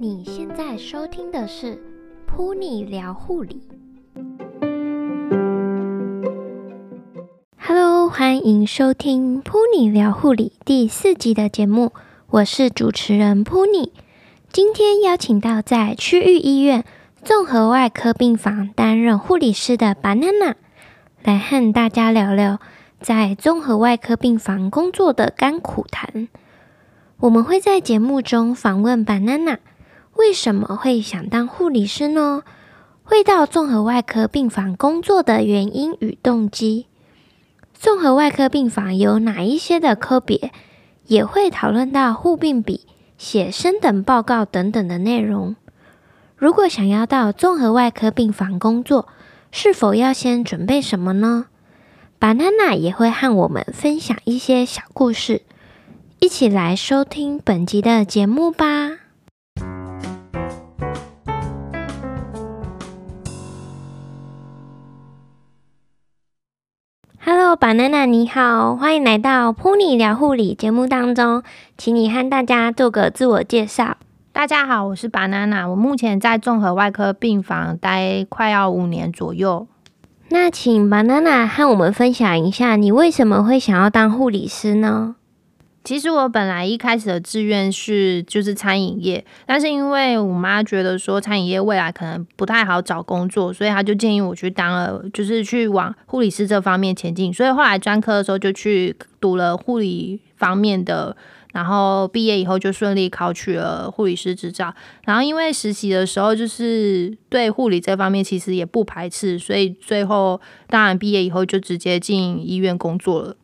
你現在收聽的是《Puni 聊護理》。Hello，歡迎收聽《Puni 聊護理》第四集的節目，我是主持人 Puni。今天邀請到在區域醫院綜合外科病房擔任護理師的 Banana，來和大家聊聊，在綜合外科病房工作的甘苦談，我們會在節目中訪問 Banana，為什麼會想當護理師呢？會到綜合外科病房工作的原因與動機，綜合外科病房有哪一些的科別？也會討論到護病比、寫升等報告等等的內容。如果想要到綜合外科病房工作，是否要先準備什麼呢？Banana 也會和我們分享一些小故事，一起來收聽本集的節目吧。Hello，Banana 你好，歡迎來到噗妮聊護理節目當中，請你和大家做個自我介紹。大家好，我是 Banana。我目前在綜合外科病房待快要五年左右。那請 Banana 和我們分享一下，你為什麼會想要當護理師呢？其實我本來一開始的志願是就是餐飲業，但是因為我媽覺得說餐飲業未來可能不太好找工作，所以她就建議我去當了，就是去往護理師這方面前進。所以後來專科的時候就去讀了護理方面的。然後畢業以後就順利考取了護理師執照。然後因為實習的時候就是對護理這方面其實也不排斥，所以最後當然畢業以後就直接進醫院工作了。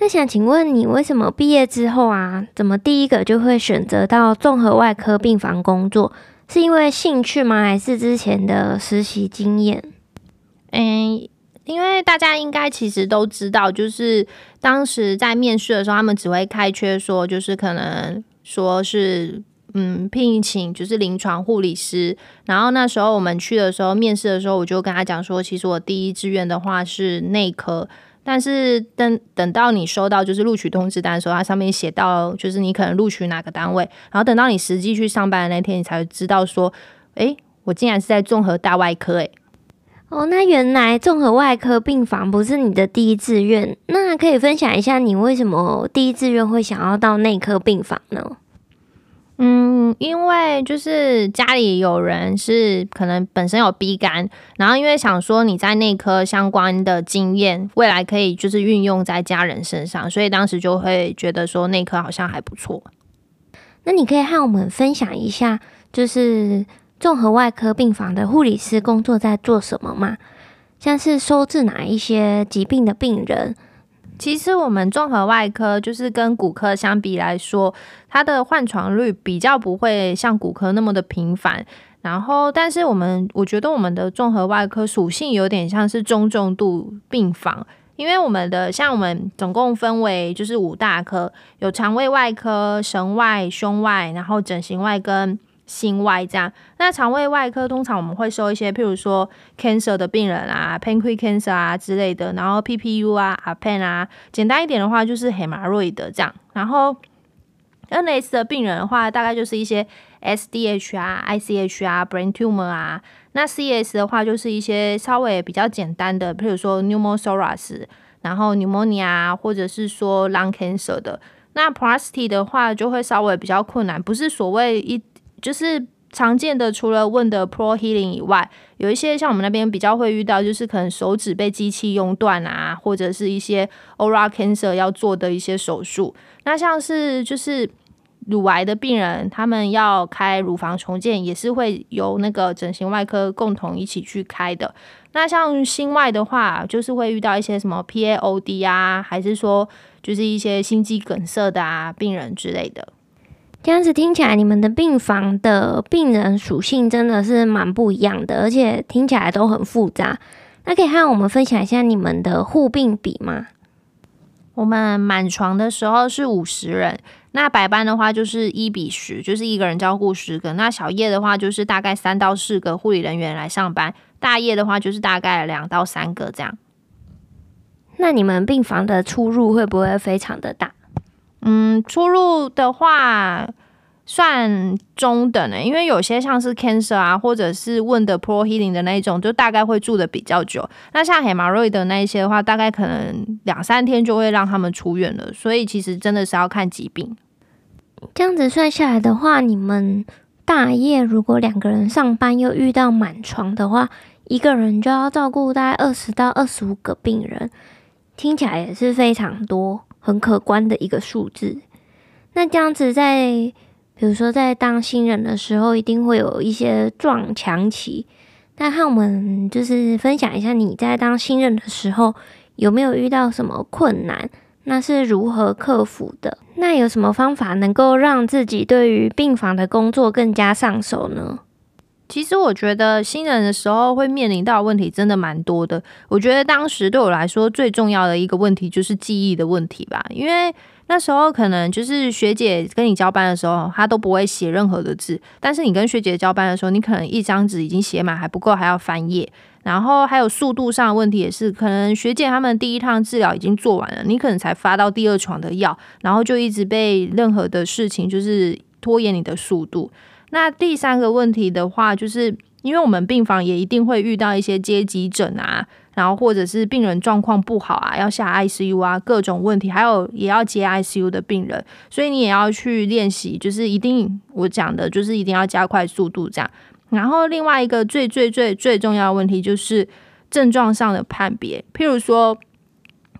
那想請問你，為什麼畢業之後啊，怎麼第一個就會選擇到綜合外科病房工作？是因為興趣嗎？還是之前的實習經驗？嗯。因為大家應該其實都知道，就是當時在面試的時候，他們只會開缺說，就是可能說是嗯聘請就是臨床護理師。然後那時候我們去的時候，面試的時候，我就跟他講說，其實我第一志願的話是內科。但是等等到你收到就是錄取通知單的時候，它上面寫到就是你可能錄取哪個單位，然後等到你實際去上班的那天，你才知道說，欸，我竟然是在綜合大外科欸。哦，那原來綜合外科病房不是你的第一志願，那可以分享一下你為什麼第一志願會想要到內科病房呢？嗯，因為就是家裡有人是可能本身有 B 肝，然後因為想說你在內科相關的經驗，未來可以就是運用在家人身上，所以當時就會覺得說內科好像還不錯。那你可以和我們分享一下，就是。綜合外科病房的護理師工作在做什麼嗎？像是收治哪一些疾病的病人？其實我們綜合外科就是跟骨科相比來說，它的換床率比較不會像骨科那麼的頻繁。然後，但是我們我覺得我們的綜合外科屬性有點像是中重度病房，因為我們的像我們總共分為就是五大科，有腸胃外科、神外、胸外，然後整形外科，心外這樣，那腸胃外科通常我們會收一些，譬如說 cancer 的病人啊 p a n c r e a t c a n c e r 啊之類的，然後 PPU 啊 a p e n 啊，簡單一點的話就是黑馬瑞的這樣，然後 NS 的病人的話，大概就是一些 SDH 啊，ICH 啊，brain tumor 啊，那 CS 的話就是一些稍微比較簡單的，譬如說 p n e u m o s o r u s 然後 pneumonia 啊，或者是說 lung cancer 的，那 p r a s t y 的話就會稍微比較困難，不是所謂一。就是常見的，除了問的 Pro Healing 以外，有一些像我們那邊比較會遇到，就是可能手指被機器用斷啊，或者是一些 Oral Cancer 要做的一些手術。那像是就是乳癌的病人，他們要開乳房重建，也是會由那個整形外科共同一起去開的。那像心外的話，就是會遇到一些什麼 PAOD 啊，還是說就是一些心肌梗塞的啊病人之類的。這樣子聽起來，你們的病房的病人屬性真的是蠻不一樣的，而且聽起來都很複雜。那可以和我們分享一下你們的護病比嗎？我們滿床的時候是五十人，那白班的話就是一比十，就是一個人照顧十個。那小夜的話就是大概三到四個護理人員來上班，大夜的話就是大概兩到三個這樣。那你們病房的出入會不會非常的大？嗯，出入的話算中等的，因為有些像是 cancer 啊，或者是 wound pro healing 的那一種，就大概會住的比較久。那像 hemorrhoid 的那一些的話，大概可能兩三天就會讓他們出院了。所以其實真的是要看疾病。這樣子算下來的話，你們大夜如果兩個人上班又遇到滿床的話，一個人就要照顧大概二十到二十五個病人，聽起來也是非常多。很可觀的一個數字。那這樣子在，在比如說在當新人的時候，一定會有一些撞牆期。那看我們就是分享一下，你在當新人的時候有沒有遇到什麼困難？那是如何克服的？那有什麼方法能夠讓自己對於病房的工作更加上手呢？其實我覺得新人的時候會面臨到問題，真的蠻多的。我覺得當時對我來說最重要的一個問題就是記憶的問題吧，因為那時候可能就是學姐跟你交班的時候，她都不會寫任何的字，但是你跟學姐交班的時候，你可能一張紙已經寫滿還不夠，還要翻頁，然後還有速度上的問題也是，可能學姐他們第一趟治療已經做完了，你可能才發到第二床的藥，然後就一直被任何的事情就是拖延你的速度。那第三個問題的話，就是因為我們病房也一定會遇到一些接急診啊，然後或者是病人狀況不好啊，要下 ICU 啊，各種問題，還有也要接 ICU 的病人，所以你也要去練習，就是一定我講的，就是一定要加快速度這樣。然後另外一個最最最最重要的問題，就是症狀上的判別，譬如說。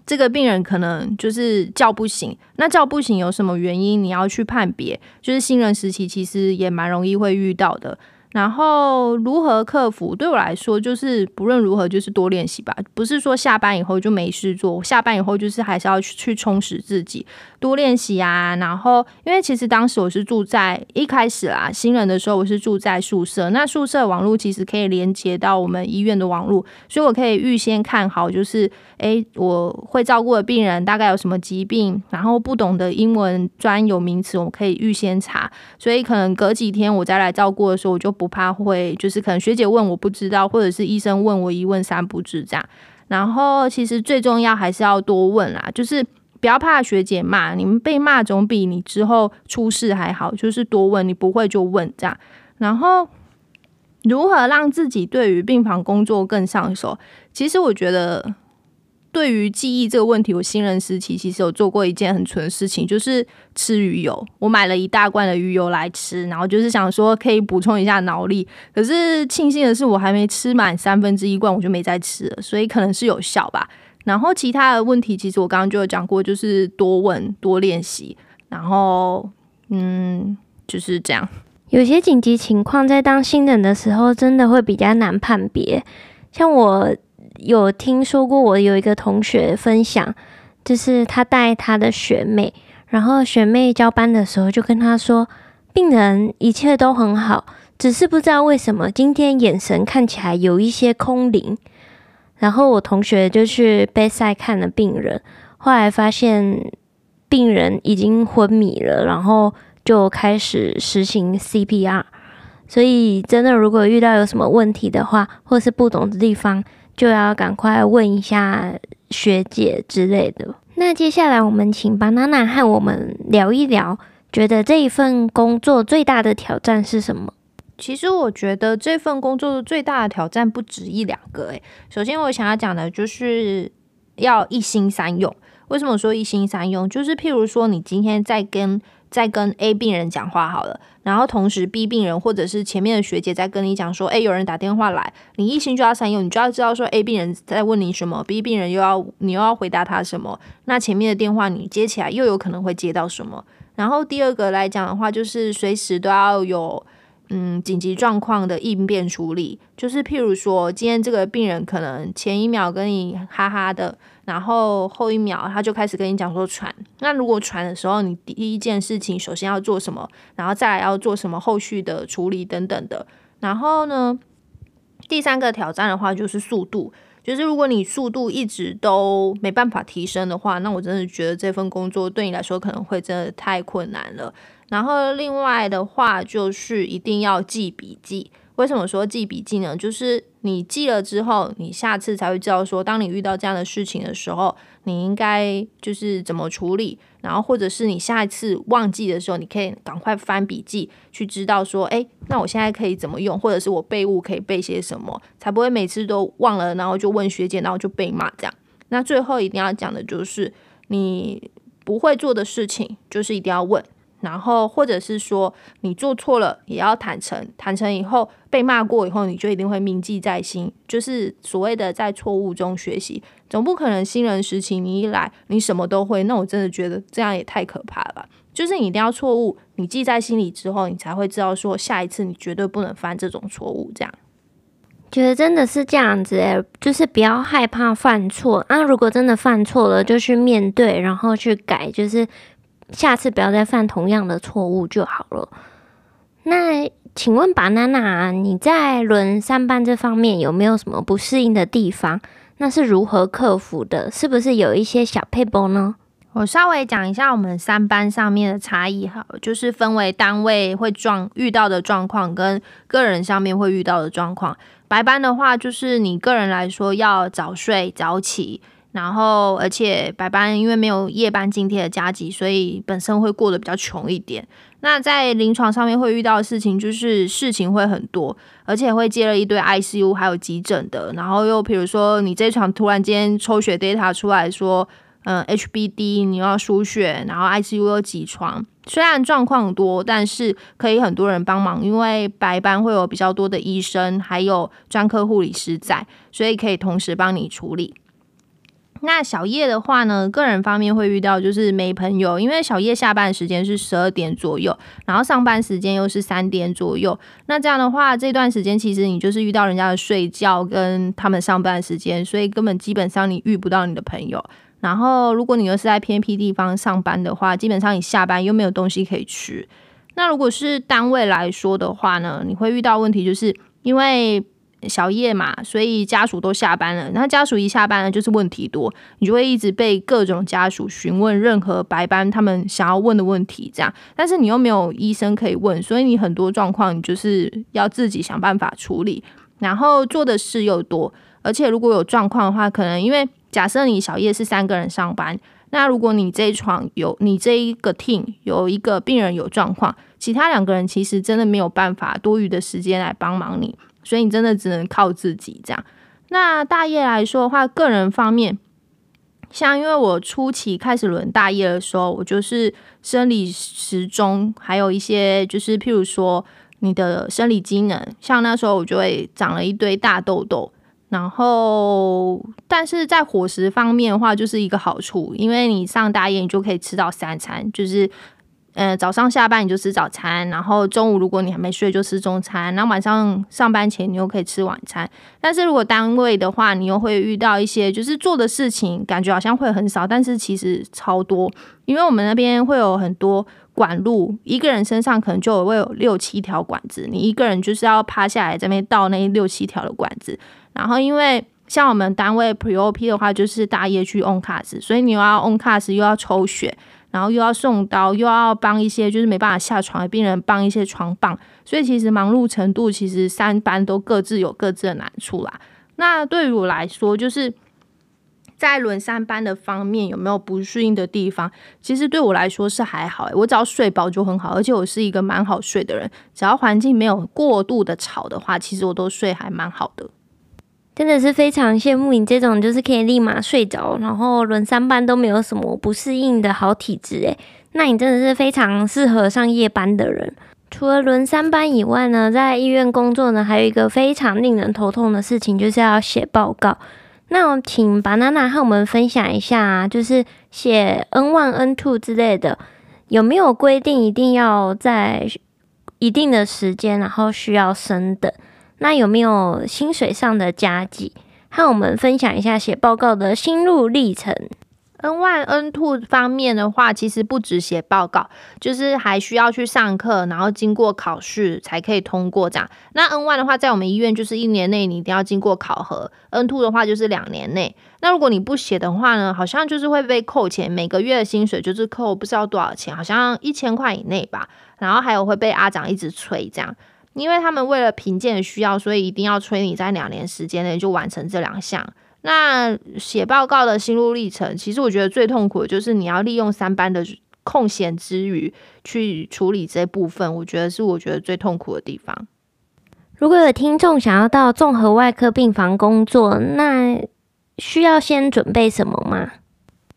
這個病人可能就是叫不醒，那叫不醒有什麼原因？你要去判別，就是新人時期其實也蠻容易會遇到的。然後如何克服？對我來說，就是不論如何，就是多練習吧。不是說下班以後就沒事做，下班以後就是還是要去充實自己，多練習啊。然後，因為其實當時我是住在一開始啦，新人的時候我是住在宿舍。那宿舍網絡其實可以連接到我們醫院的網絡，所以我可以預先看好，就是哎，我會照顧的病人大概有什麼疾病，然後不懂的英文專有名詞，我可以預先查。所以可能隔幾天我再來照顧的時候，我就。不怕會就是可能學姐問我不知道，或者是醫生問我一問三不知這樣。然後其實最重要還是要多問啦，就是不要怕學姐罵，你們被罵總比你之後出事還好。就是多問，你不會就問這樣。然後如何讓自己對於病房工作更上手？其實我覺得。對於記憶這個問題，我新人時期其實有做過一件很蠢的事情，就是吃魚油。我買了一大罐的魚油來吃，然後就是想說可以補充一下腦力。可是慶幸的是，我還沒吃滿三分之一罐，我就沒再吃了。所以可能是有效吧。然後其他的問題，其實我剛剛就有講過，就是多問、多練習。然後，嗯，就是這樣。有些緊急情況在當新人的時候，真的會比較難判別。像我。有聽說過，我有一個同學分享，就是他帶他的學妹，然後學妹交班的時候就跟他說，病人一切都很好，只是不知道為什麼今天眼神看起來有一些空靈。然後我同學就去 bedside 看了病人，後來發現病人已經昏迷了，然後就開始實行 CPR。所以真的，如果遇到有什麼問題的話，或是不懂的地方，就要趕快問一下學姐之類的。那接下來我們請 Banana 和我們聊一聊，覺得這一份工作最大的挑戰是什麼？其實我覺得這份工作的最大的挑戰不止一兩個誒、欸，首先我想要講的就是要一心三用。為什麼說一心三用？就是譬如說你今天在跟在跟 A 病人講話好了，然後同時 B 病人或者是前面的學姐在跟你講說，誒，有人打電話來，你一心就要三用，你就要知道說 A 病人在問你什麼，B 病人又要你又要回答他什麼，那前面的電話你接起來又有可能會接到什麼。然後第二個來講的話，就是隨時都要有嗯緊急狀況的應變處理，就是譬如說今天這個病人可能前一秒跟你哈哈的。然後後一秒，他就開始跟你講說傳。那如果傳的時候，你第一件事情首先要做什麼？然後再來要做什麼？後續的處理等等的。然後呢，第三個挑戰的話就是速度，就是如果你速度一直都沒辦法提升的話，那我真的覺得這份工作對你來說可能會真的太困難了。然後另外的話就是一定要記筆記。為什麼說記筆記呢？就是你記了之後，你下次才會知道說，當你遇到這樣的事情的時候，你應該就是怎麼處理，然後或者是你下一次忘記的時候，你可以趕快翻筆記去知道說，誒，那我現在可以怎麼用，或者是我備物可以備些什麼，才不會每次都忘了，然後就問學姐，然後就被罵這樣。那最後一定要講的就是，你不會做的事情，就是一定要問。然後，或者是說你做錯了，也要坦誠。坦誠以後被罵過以後，你就一定會銘記在心，就是所謂的在錯誤中學習。總不可能新人時期你一來你什麼都會。那我真的覺得這樣也太可怕了吧。就是你一定要錯誤，你記在心裡之後，你才會知道說下一次你絕對不能犯這種錯誤。這樣覺得真的是這樣子。欸，就是不要害怕犯錯。那、啊、如果真的犯錯了，就去面對，然後去改，就是。下次不要再犯同樣的錯誤就好了。那請問 Banana，你在輪三班這方面有沒有什麼不適應的地方？那是如何克服的？是不是有一些小撇步呢？我稍微講一下我們三班上面的差異好，就是分為單位會撞遇到的狀況跟個人上面會遇到的狀況。白班的話，就是你個人來說要早睡早起。然後，而且白班因為沒有夜班津貼的加給，所以本身會過得比較窮一點。那在臨床上面會遇到的事情，就是事情會很多，而且會接了一堆 ICU 還有急診的。然後又比如說，你這床突然間抽血 data 出來說，嗯，HBD，你要輸血，然後 ICU 要擠床。雖然狀況很多，但是可以很多人幫忙，因為白班會有比較多的醫生還有專科護理師在，所以可以同時幫你處理。那小夜的話呢，個人方面會遇到就是沒朋友，因為小夜下班時間是十二點左右，然後上班時間又是三點左右。那這樣的話，這段時間其實你就是遇到人家的睡覺跟他們上班時間，所以根本基本上你遇不到你的朋友。然後如果你又是在偏僻地方上班的話，基本上你下班又沒有東西可以吃。那如果是單位來說的話呢，你會遇到問題，就是因為。小夜嘛，所以家屬都下班了。那家屬一下班了，就是問題多，你就會一直被各種家屬詢問任何白班他們想要問的問題，這樣。但是你又沒有醫生可以問，所以你很多狀況你就是要自己想辦法處理。然後做的事又多，而且如果有狀況的話，可能因為假設你小夜是三個人上班，那如果你這一床有你這一個 team 有一個病人有狀況，其他兩個人其實真的沒有辦法多餘的時間來幫忙你。所以你真的只能靠自己這樣。那大夜來說的話，個人方面，像因為我初期開始輪大夜的時候，我就是生理時鐘，還有一些就是譬如說你的生理機能，像那時候我就會長了一堆大痘痘。然後，但是在伙食方面的話，就是一個好處，因為你上大夜你就可以吃到三餐，就是。嗯，早上下班你就吃早餐，然後中午如果你還沒睡就吃中餐，然後晚上上班前你又可以吃晚餐。但是如果單位的話，你又會遇到一些就是做的事情，感覺好像會很少，但是其實超多。因為我們那邊會有很多管路，一個人身上可能就會有六七條管子，你一個人就是要趴下來這邊倒那六七條的管子。然後因為像我們單位 pre-op 的話，就是大夜去 on cast，所以你又要 on cast 又要抽血。然後又要送刀，又要幫一些就是沒辦法下床的病人幫一些床棒，所以其實忙碌程度其實三班都各自有各自的難處啦。那對於我來說，就是在輪三班的方面有沒有不適應的地方？其實對我來說是還好。欸，我只要睡飽就很好，而且我是一個蠻好睡的人，只要環境沒有過度的吵的話，其實我都睡還蠻好的。真的是非常羨慕你這種，就是可以立馬睡着，然後輪三班都沒有什麼不適應的好體質誒，那你真的是非常適合上夜班的人。除了輪三班以外呢，在醫院工作呢，還有一個非常令人頭痛的事情，就是要寫報告。那請 a 娜娜，和我們分享一下、啊，就是寫 N 1 N two 之類的，有沒有規定一定要在一定的時間，然後需要升的？那有沒有薪水上的加給？和我們分享一下寫報告的心路歷程。N one、N two 方面的話，其實不止寫報告，就是還需要去上課，然後經過考試才可以通過這樣。那 N one 的話，在我們醫院就是一年內你一定要經過考核；N two 的話就是兩年內。那如果你不寫的話呢，好像就是會被扣錢，每個月的薪水就是扣不知道多少錢，好像一千塊以內吧。然後還有會被阿長一直催這樣。因為他們為了評鑑需要，所以一定要催你在兩年時間內就完成這兩項。那寫報告的心路歷程，其實我覺得最痛苦的就是你要利用三班的空閒之餘去處理這部分，我覺得是我覺得最痛苦的地方。如果有聽眾想要到綜合外科病房工作，那需要先準備什麼嗎？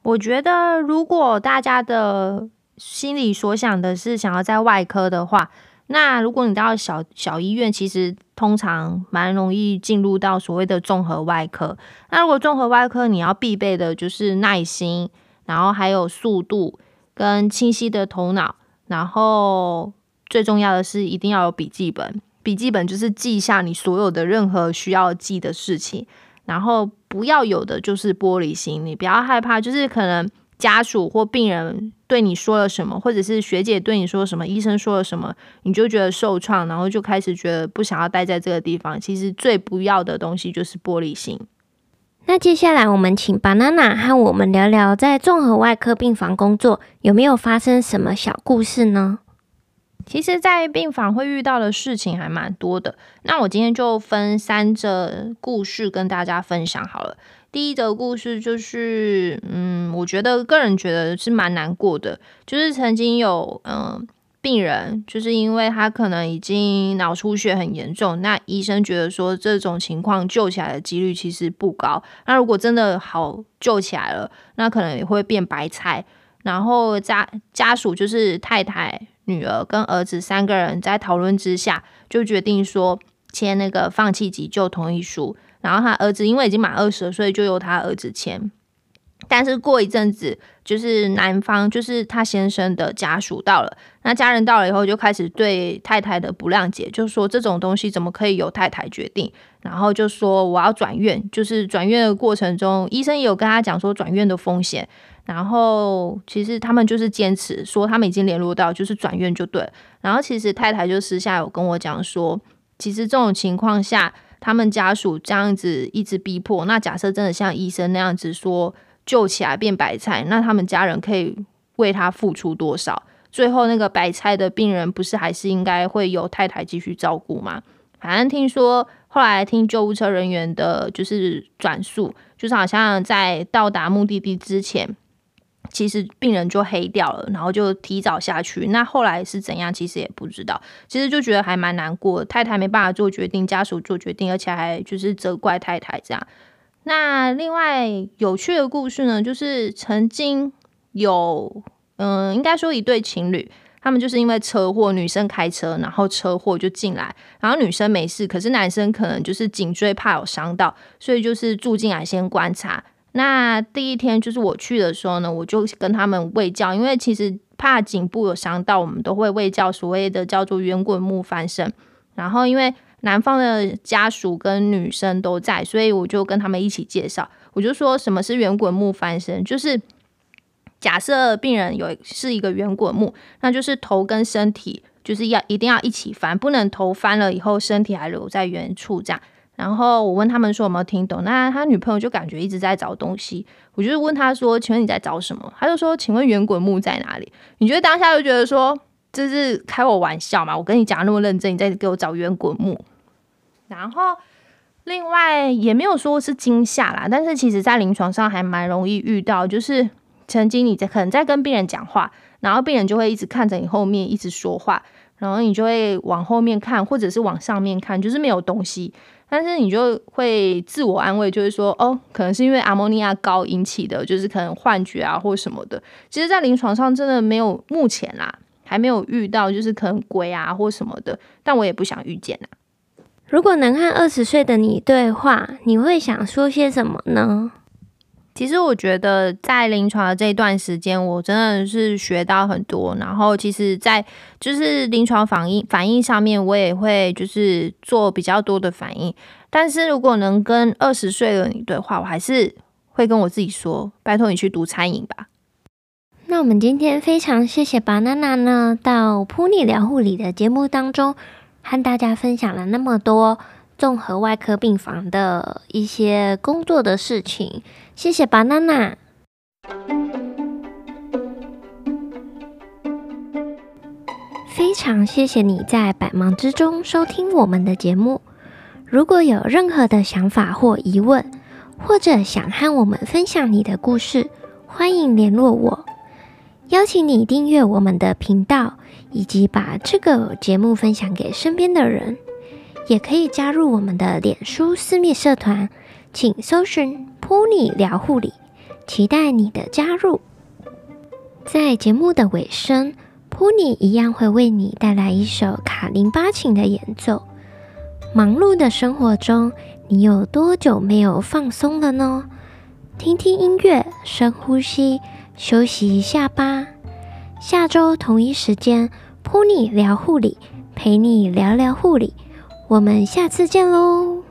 我覺得如果大家的心裡所想的是想要在外科的話，那如果你到小小醫院，其實通常蠻容易進入到所謂的綜合外科。那如果綜合外科，你要必備的就是耐心，然後還有速度跟清晰的頭腦，然後最重要的是一定要有筆記本。筆記本就是記下你所有的任何需要記的事情，然後不要有的就是玻璃心，你不要害怕，就是可能。家屬或病人對你說了什麼，或者是學姐對你說了什麼，醫生說了什麼，你就覺得受創，然後就開始覺得不想要待在這個地方。其實最不要的東西就是玻璃心。那接下來我們請 Banana 和我們聊聊，在綜合外科病房工作有沒有發生什麼小故事呢？其實，在病房會遇到的事情還蠻多的。那我今天就分三則故事跟大家分享好了。第一則故事就是，嗯，我覺得個人覺得是蠻難過的，就是曾經有，嗯，病人，就是因為他可能已經腦出血很嚴重，那醫生覺得說這種情況救起來的幾率其實不高，那如果真的好救起來了，那可能也會變白菜。然後家家屬就是太太、女兒跟兒子三個人在討論之下，就決定說簽那個放棄急救同意書。然後他兒子因為已經滿二十歲，所以就由他兒子簽。但是過一陣子，就是男方，就是他先生的家屬到了，那家人到了以後，就開始對太太的不諒解，就說這種東西怎麼可以由太太決定？然後就說我要轉院，就是轉院的過程中，醫生也有跟他講說轉院的風險。然後其實他們就是堅持說他們已經聯絡到，就是轉院就對。然後其實太太就私下有跟我講說，其實這種情況下。他們家屬這樣子一直逼迫，那假設真的像醫生那樣子說救起來變白菜，那他們家人可以為他付出多少？最後那個白菜的病人不是還是應該會由太太繼續照顧嗎？反正聽說後來聽救護車人員的，就是轉述，就是好像在到達目的地之前。其實病人就黑掉了，然後就提早下去。那後來是怎樣？其實也不知道。其實就覺得還蠻難過，太太沒辦法做決定，家屬做決定，而且還就是責怪太太這樣。那另外有趣的故事呢，就是曾經有，嗯，應該說一對情侶，他們就是因為車禍，女生開車，然後車禍就進來，然後女生沒事，可是男生可能就是頸椎怕有傷到，所以就是住進來先觀察。那第一天就是我去的時候呢，我就跟他們衛教，因為其實怕頸部有傷到，我們都會衛教，所謂的叫做圓滾木翻身。然後因為男方的家屬跟女生都在，所以我就跟他們一起介紹，我就說什麼是圓滾木翻身，就是假設病人有是一個圓滾木，那就是頭跟身體就是要一定要一起翻，不能頭翻了以後身體還留在原處這樣。然後我問他們說有沒有聽懂？那他女朋友就感覺一直在找東西，我就是問他說：“請問你在找什麼？”他就說：“請問圓滾木在哪裡？”你覺得當下就覺得說這是開我玩笑嘛？我跟你講那麼認真，你在給我找圓滾木。然後另外也沒有說是驚嚇啦，但是其實在臨床上還蠻容易遇到，就是曾經你在可能在跟病人講話，然後病人就會一直看着你後面一直說話，然後你就會往後面看，或者是往上面看，就是沒有東西。但是你就會自我安慰，就是說，哦，可能是因為阿摩尼亞高引起的，就是可能幻覺啊或什麼的。其實，在臨床上真的沒有，目前啦還沒有遇到，就是可能鬼啊或什麼的。但我也不想遇見吶。如果能和二十歲的你對話，你會想說些什麼呢？其實我覺得在臨床的這一段時間，我真的是學到很多。然後，其實，在就是臨床反應反應上面，我也會就是做比較多的反應。但是如果能跟二十歲的你對話，我還是會跟我自己說：拜託你去讀餐飲吧。那我們今天非常謝謝 Banana 呢，到噗妮聊護理的節目當中，和大家分享了那麼多。綜合外科病房的一些工作的事情，謝謝 Banana。非常謝謝你在百忙之中收聽我們的節目。如果有任何的想法或疑問，或者想和我們分享你的故事，歡迎聯絡我。邀請你訂閱我們的頻道，以及把這個節目分享給身邊的人。也可以加入我們的臉書私密社團，請搜尋“噗妮聊護理”，期待你的加入。在節目的尾聲，噗妮一樣會為你帶來一首卡林巴琴的演奏。忙碌的生活中，你有多久沒有放鬆了呢？聽聽音樂，深呼吸，休息一下吧。下周同一時間，噗妮聊護理，陪你聊聊護理。我們下次見嘍。